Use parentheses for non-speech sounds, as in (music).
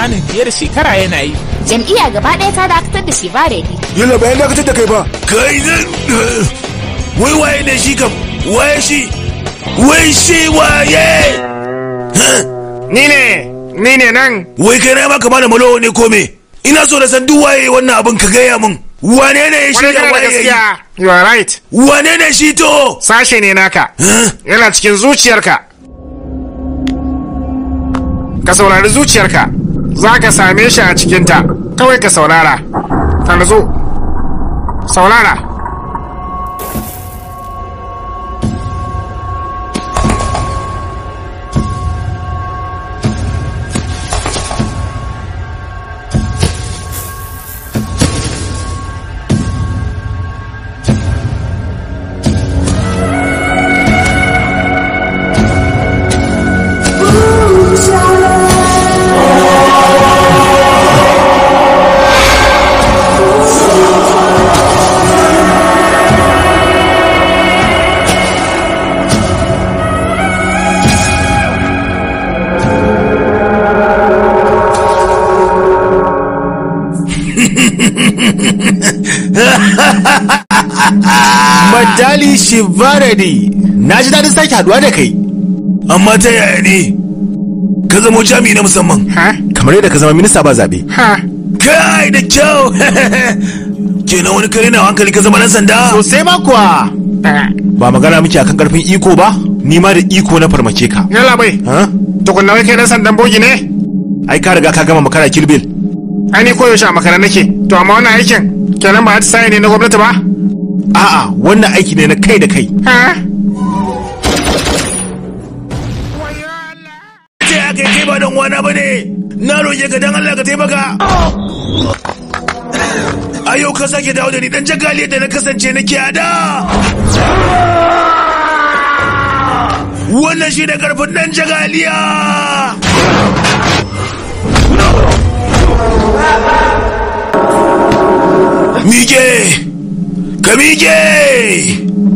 kimanin fiye da shekara yana yi. Jam'iyya gaba ɗaya ta dakatar da shi ba daidai. Yalla bayan dakatar da kai ba. Kai ne. wai waye ne shi kam waye shi wai shi waye. Ni ne ni ne nan. Wai kai na maka malam malo ne ko me? Ina so da san duk waye wannan abin ka gaya min. Wane ne shi da waye yi? You are right. Wane ne shi to? Sashe ne naka. Yana cikin zuciyarka. ka saurari zuciyarka za ka same shi a cikinta kawai ka saurara tarzo saurara (laughs) Madali Shivaradi, na ji daɗin sake haɗuwa da kai. Amma ta yaya ne? Ka zama jami na musamman. Kamar yadda ka zama minista ba zaɓe. Kai da kyau! (laughs) Kenan wani kare na hankali ka zama nan sanda? Sosai ma kuwa. Ba magana muke akan karfin iko ba, ni ma da iko na farmace ka. Yalla bai. Tukunna wai kai dan sandan bogi ne? Ai ka riga ka gama makara kilbil. Ani ni koyaushe a makara nake to amma wannan aikin kenan ba sa'i ne na gwamnati ba a'a wannan aiki ne na kai da kai ce aka kai ba don wana ba ne na roƙe ka don Allah ka taimaka a yau ka sake dawo da ni dan jagali da na kasance nake kiyada? wannan shi da karfin dan jagaliya Müge! Kamige!